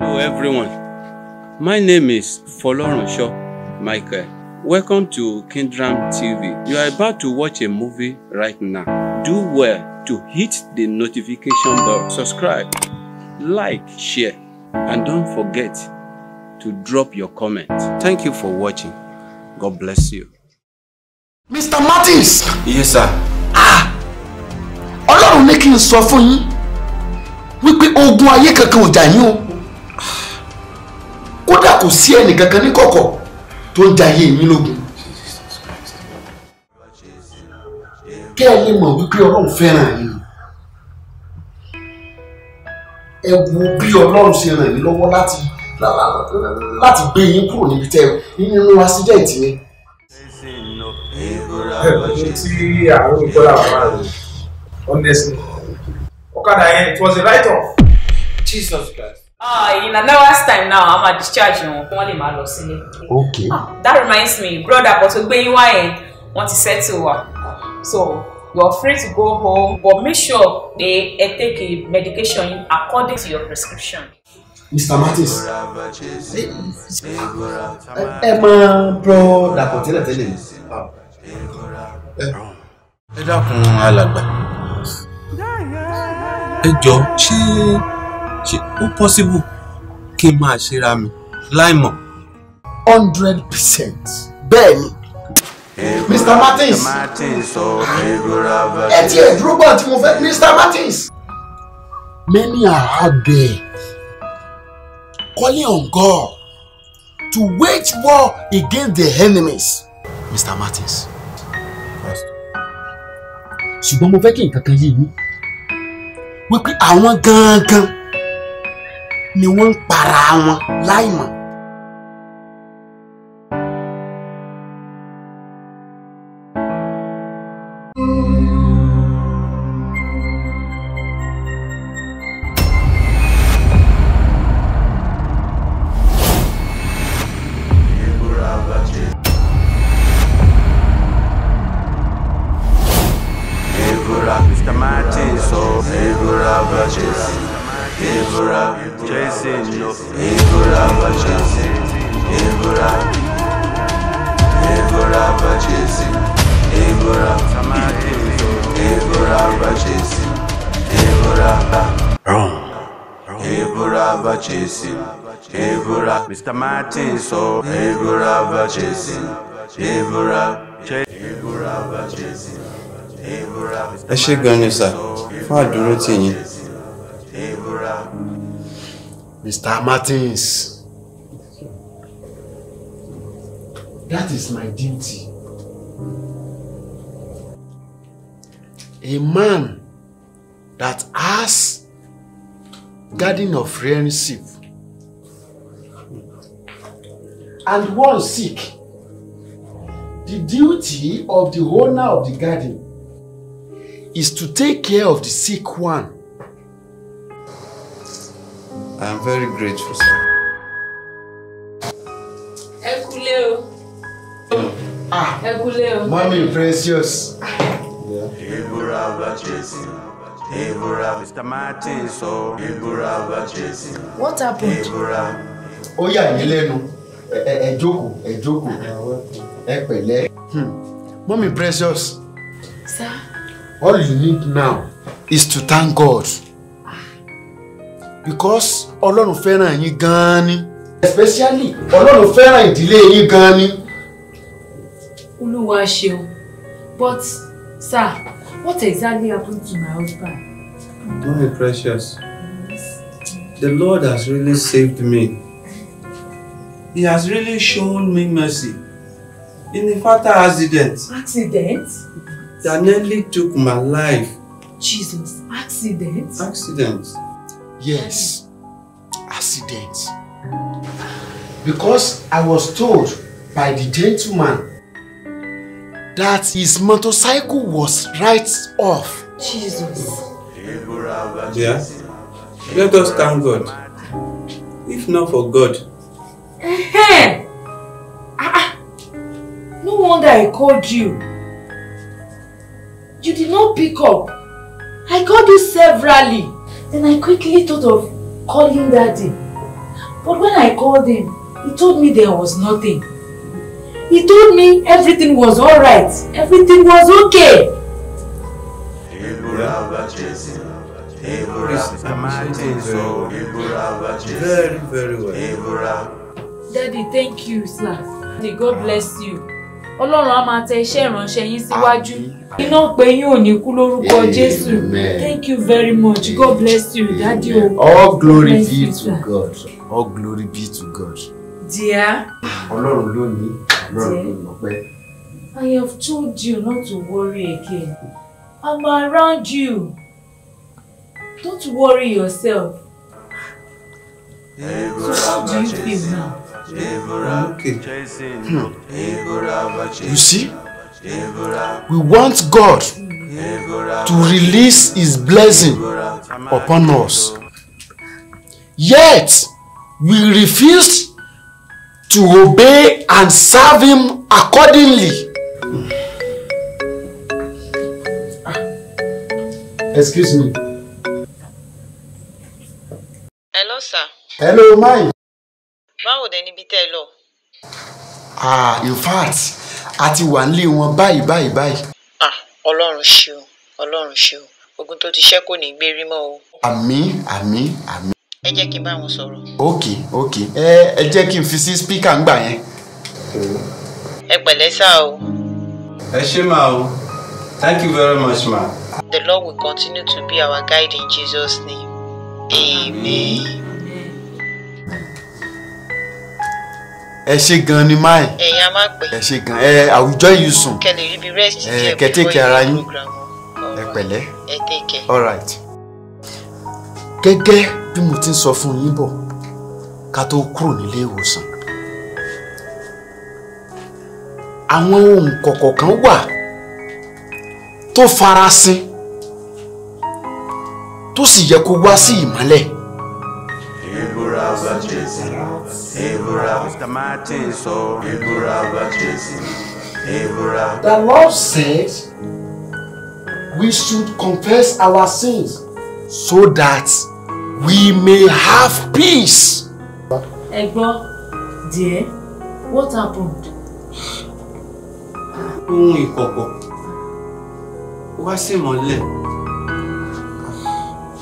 Hello everyone. My name is Folorunso Michael. Welcome to Kindram TV. You are about to watch a movie right now. Do well to hit the notification bell, subscribe, like, share, and don't forget to drop your comment. Thank you for watching. God bless you. Mr. Martins. Yes, sir. Ah! Olorun making kí n sọ fún yín wípé ogun ayé kankan ò jà yín o kódà kò sí ẹnì kankan ní kọ̀kọ̀ tó ń ja ayé yín lógun. kẹ́ ẹ lè mọ̀ wípé ọlọ́run fẹ́ràn yín ẹ wo bí ọlọ́run ṣe ràn yín lọ́wọ́ láti láti gbé yín kúrò níbi tẹ́ nínú accident yẹn. ẹ̀rọ tí àwọn olùkọ́lá wà lónìí honestly ọ̀kadà yẹn it was a write off. Jesus Christ. Uh, in an hour's time now, I'm at discharge wọn. Wọ́n lè máa lọ sílé. Okay. Ah, that reminds me, brother, but to gbé yín wá yẹn, wọ́n ti settle wa. So, you're free to go home, but make sure they take the medication according to your prescription. Mr. Mattis, ẹ máa bọ dàpọ̀ tẹ́lẹ̀tẹ́lẹ̀ mi. Ẹ dákun alàgbà. Ẹ jọ ṣé ṣé ó possible kí n máa ṣera mi láìmọ̀. hundred percent bẹ́ẹ̀ mr martins ẹ ti ẹ dúró gbọ́n tí mo fẹ́ mr martins. many are out there calling on God to wage war against their enemies. mr martins ṣùgbọ́n mo fẹ́ kí nǹkan kan yé yín wípé àwọn gangan ni wọ́n ń para wọn láìmọ̀. Mr. Martin, so, hey, good Ibura, Jason, Ibura, Jason, Ibura, Ibura, Jason, Ibura, Ibura, Jason, Ibura, Wrong. Ebura ba chasing, Ebura. Mr. Martin so Ebura ba chasing, Ebura. Ebura ba chasing, Ebura. Ẹ ṣé gan ni sà fún àdúró tì yín. Mr. Martins. That is my duty. A man that has garden of friendship and one sick, the duty of the owner of the garden is to take care of the sick one I am very grateful, sir. Ẹ Ah, Ẹ kúlé Mommy precious. Ebura Mr. Martin so What happened? Ebura. Ó yà mí lẹ́nu. Ẹ jókòó, ẹ jókòó. Ẹ pẹ̀lẹ́. Hmm. Mommy precious. Sir. All you need now is to thank God because ọlọ́run fẹ́ràn yín gan-an ni especially ọlọ́run fẹ́ràn ìdílé yín gan-an ni. olúwa ṣeun but sir what exactly happened to my husband. My precious the lord has really saved me he has really shown me mercy in a fatal accident. accident. that nearly took my life. jesus accident. accident. Yes, accident. Because I was told by the gentleman that his motorcycle was right off. Jesus. Yes. Let us thank God. If not for God. Hey! Ah, ah, no wonder I called you. You did not pick up. I called you severally. Then I quickly thought of calling daddy. But when I called him, he told me there was nothing. He told me everything was alright. Everything was okay. Very, very well. Daddy, thank you, sir. May God bless you. ọlọ́run á máa tẹ iṣẹ́ ìránṣẹ́ yín síwájú iná pé yín ò ní kú lórúkọ jésù thank you very much god bless you daddy o. all glory be to god all glory be to god. dear. ọlọ́run ló ní ọlọ́run ló lọ́pẹ́. i have told you not to worry again i'm around you don't worry yourself so how do you feel now. Hmm. You see, we want God to release His blessing upon us. Yet, we refused to obey and serve Him accordingly. Hmm. Excuse me. Hello, sir. Hello, mine báwo dẹ̀ níbi tẹ́ ẹ lọ. ah in fact a ti wà nílé wọn báyìí báyìí báyìí. ah ọlọ́run ṣeun ọlọ́run ṣeun ogun tó ti ṣẹ́ kò ní gbé rí mọ́ o. àmín àmín àmín. ẹ jẹ́ kí n bá wọn sọ̀rọ̀. ok ok ẹ ẹ jẹ́ kí n fi sí spíkà ńgbà yẹn. ẹ pẹ̀lẹ́ sá o. ẹ ṣé màá o thank you very much ma. the Lord will continue to be our guide in Jesus' name. amen. amen. ẹ ṣe gan ni máì. ẹ̀yin a máa pè. ẹ ṣe gan ẹ àwùjọ yìí sùn. kẹlẹ ríbi rest díẹ̀ bí wọ́n yẹ ara ẹ pẹ̀lẹ́. ẹ tẹ̀kẹ̀. all right. bí mo ti ń sọ fún yín bọ̀ ká tó kúrò nílé ìwòsàn àwọn ohun kọ̀ọ̀kan wà tó farasin tó sì yẹ kó wá sí ìmọ́lẹ̀. The Lord says we should confess our sins so that we may have peace. Egbo, dear, what happened? Ohun ìkọ̀kọ̀,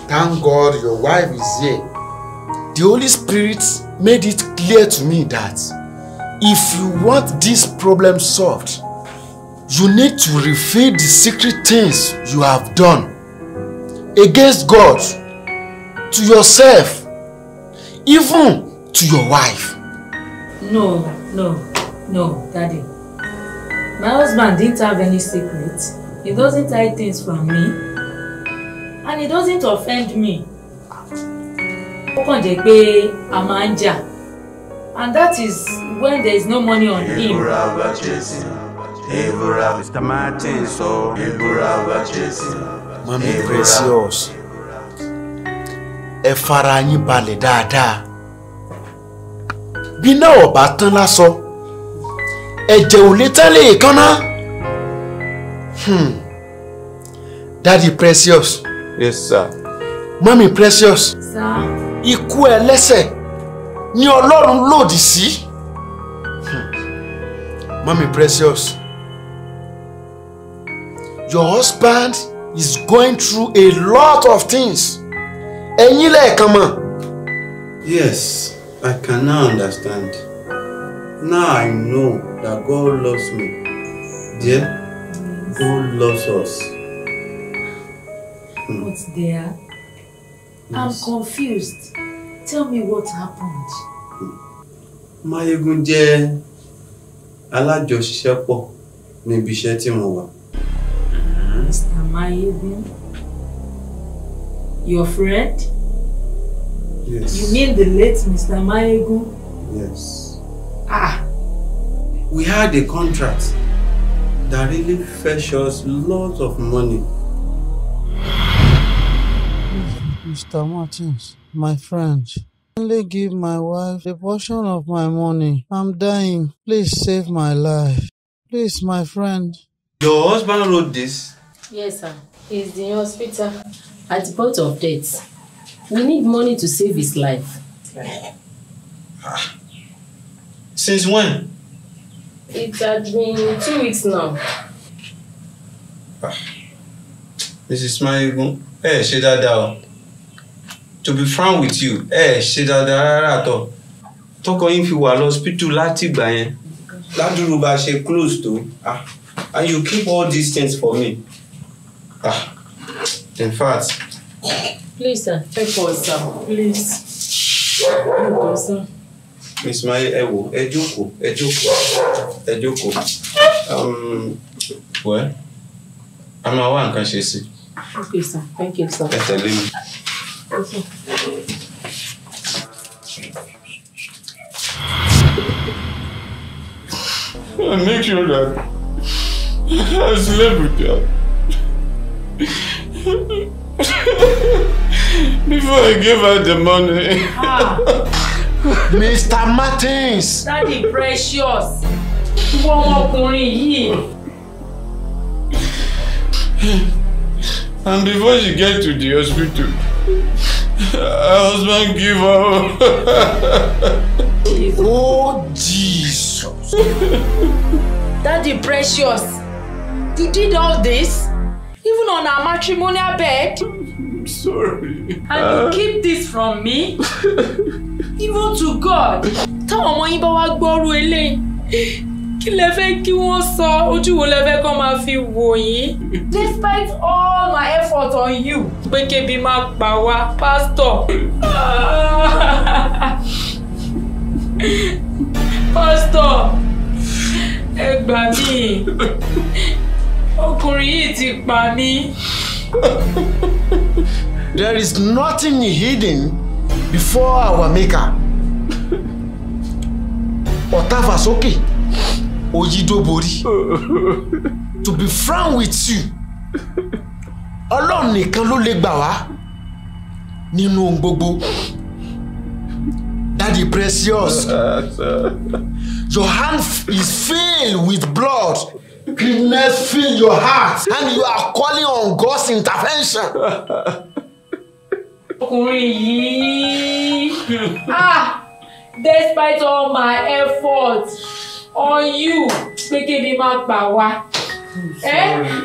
Thank God your wife is here the Holy Spirit made it clear to me that if you want this problem solved, you need to reveal the secret things you have done against God, to yourself, even to your wife. No, no, no, Daddy. My husband didn't have any secret. He doesn't hide things from me. And he doesn't offend me. ó kàn jẹ́ pé a máa ń jà and that is when there is no money on him. ìbúra Mr. Martin sọ ìbúra bá chelsea. mami precious ẹ fara yín balẹ̀ dáadáa bí náà ọ̀bá tán lásọ ẹ̀jẹ̀ ò lè tẹ́lẹ̀ kan Hmm. Daddy Precious. Yes, sir. Mommy Precious. Sir. ikú ẹlẹ́sẹ̀ ni ọlọ́run lòdì sí. Hmm. Mommy Precious, your husband is going through a lot of things. Ẹ̀yin lẹ́ẹ̀kan mọ̀. Yes, I can now understand. Now I know that God loves me. Dear, God loves us. What's there, I'm confused. Tell me what happened. Máyégún jẹ́ alájọṣiṣẹ́pọ̀ níbi iṣẹ́ tí mo wà. Ah, Mr. Máyégún, your friend? Yes. You mean the late Mr. Máyégún? Yes. Ah. We had a contract that really fetched us lots of money. Mr. Martins, my friend, only give my wife a portion of my money. I'm dying. Please save my life. Please, my friend. Your husband wrote this? Yes, sir. He's in hospital at the point of death. We need money to save his life. Since when? It has been two weeks now. Mrs. Mayegun, hey, shut dáadáa down. to be frank with you ẹ ẹ ṣe dáadáa rárá tọ tọkọ yín fi wà lọ hospital láti ìgbà yẹn. ládùúrú bá a ṣe close tó ah and you keep all these things for me ah in fact. please sir help us sir please help sir. miss maye ẹ wò ẹ jókòó ẹ jókòó ẹ jókòó um, wẹ a máa wá nǹkan ṣe sí. okay sir thank you sir. ẹ tẹ̀lé mi. And make sure that I slept with them before I give her the money. Ah. Mr. Martins! Daddy precious! more coin here. And before she get to the hospital, her husband give her up. oh, Jesus. Daddy Precious, you did all this? Even on our matrimonial bed? I'm sorry. And uh... you ah. keep this from me? Even to God. Táwọn ọmọ yín bá wá gbọ́rú kí lẹ fẹ́ kí wọ́n sọ ojú wo lẹ fẹ́ kọ́ máa fi wò yín. despite all my effort on you. pé kébi máa pa wá pásítọ̀. pásítọ̀ ẹ gbà mí ọkùnrin yìí ti pa mí. there is nothing hidden before our maker. ọ̀tá fàsókè. Okay. Oyidobori to be frank with you ọlọ́run nìkan ló lè gbà wá nínú ohun gbogbo daddy precious your hand is filled with blood Greenness fill your heart and you are calling on God's intervention. ọkùnrin yìí ah despite all my efforts on you pé kébi máa gbà wá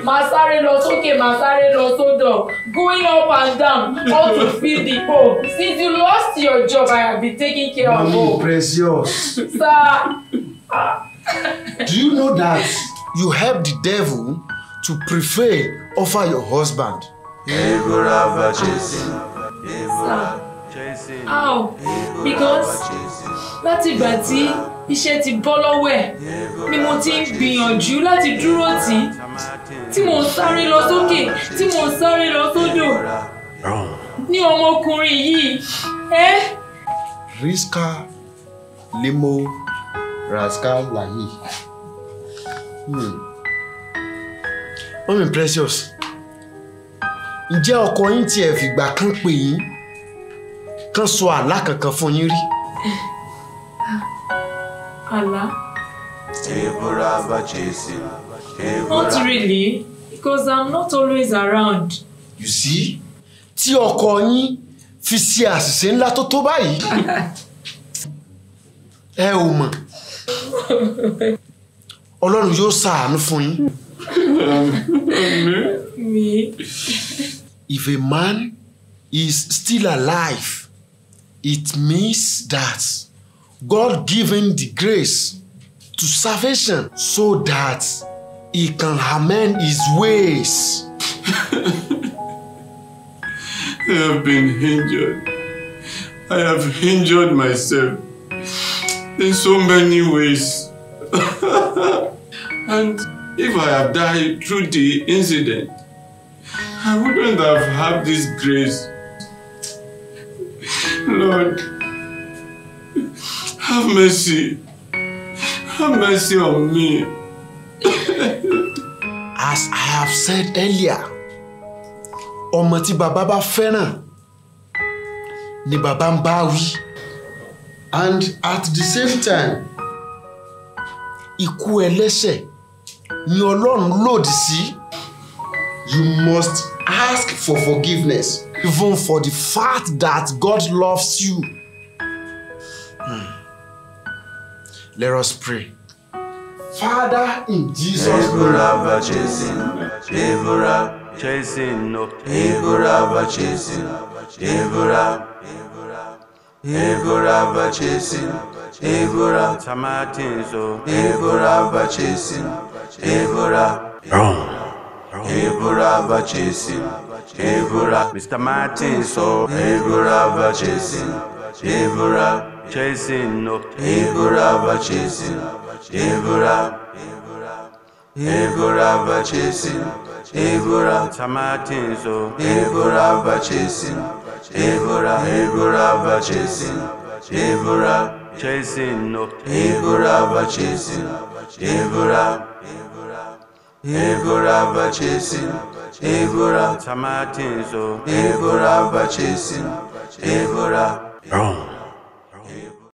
máa sáré lọ sókè máa sáré lọ sódò going up and down all to feed the poor since you lost your job I have been taking care of you. Mommy precious. Sir. Do you know that you help the devil to prefer over your husband? Ebola vachesin. Ebola. How? Because láti ìgbà tí iṣẹ́ ti bọ́ lọ́wọ́ ẹ̀ ni mo ti ń gbìyànjú láti dúró tì í tí mò ń sáré lọ sókè tí mò ń sáré lọ sódò ní ọmọkùnrin yìí ẹ. Rizka limo raska layi hmm. mọ́mí precious ǹjẹ́ ọkọ yín tiẹ̀ fìgbà kan pè yín kan sọ àlá kankan fún yín rí. Allah. Not really, because I'm not always around. You see, tí ọkọ yín fi ṣe àṣìṣe ńlá tó tó báyìí. Ẹ ò mọ̀. Ọlọ́run yóò ṣàánú fún yín. Me. If a man is still alive, it means that God give him the grace to salvation so that he can amend his ways. I have been injured. I have injured myself in so many ways. and if I had died through the incident, I wouldn't have had this grace. Lord, have mercy. Have mercy on me. As I have said earlier, ọmọ bàbá bá ni bàbá ń And at the same time, ikú ẹlẹ́ṣẹ̀ ni Ọlọ́run lòdì sí. You must ask for forgiveness even for the fact that God loves you. Let us pray. Father, in Jesus' name. chasing, Mr. Martin, so chasing. Deborah, chasing up. Deborah, chasing. Deborah, Deborah, chasing. Deborah, Tamatin, so. Deborah, chasing. Deborah, Deborah, chasing. Deborah, chasing up. Deborah, chasing. Deborah, Deborah, chasing. Deborah, Tamatin, so. Deborah, chasing. Deborah, Wrong.